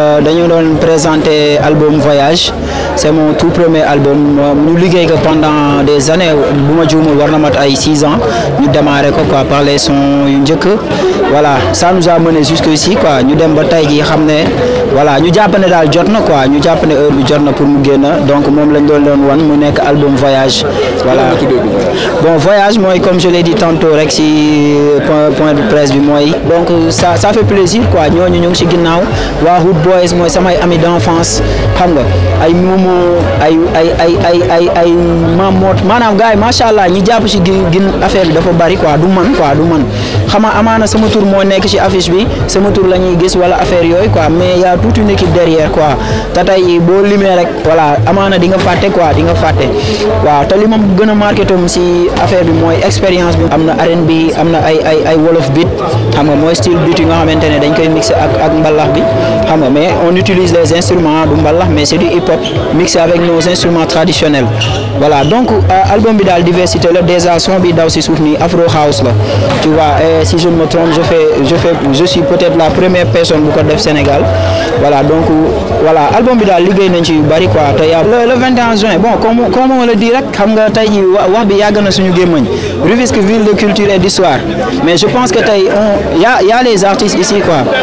Euh, dañu doon présenter album voyage c'est mon tout premier album ñu liggéey ko pendant des années bu ma juumul war na mat ay six ans ñu démarré quoi par les sons yu voilà ça nous a mené jusqu'ici quoi ñu dem ba tey voilà ñu jàpp ne daal jot na quoi ñu jàpp ne heure bi jot pour mu génn donc moom lañ doon doon wan mu album voyage voilà bon voyage moi comme je l'ai dit tantôt Rexy euh, point de presse du donc euh, ça ça fait plaisir quoi nous nous nous si Hood Boys mon ami d'enfance xam nga ay aïe ay ay aïe ay ay ay affaire quoi quoi xam nga sama tour mo nek ci affiche bi sama tour lañuy gis wala affaire yoy quoi mais y a toute une équipe derrière quoi te tey boo rek voilà amana di nga faté quoi di nga faté wa te li ma gën marqué affaire bi moy expérience bi amna arène bi amna ay ay ay wolof beat xam nga moy style beat nga xamante dañ koy mixer ak ak mbalax bi xam nga mais on utilise les instruments du mbalax mais c'est du hip hop mixé avec nos instruments traditionnels voilà donc euh, album bi dal diversité le déjà son bi daw ci suuf afro house la tu vois euh, si je me trompe je fais je fais je suis peut-être la première personne bu ko def Sénégal voilà donc voilà album bi la Ligue nañ ci le 21 juin bon comme on le dit rek xam nga tey jii ville de culture et d'histoire mais je pense que y a y a les artistes ici quoi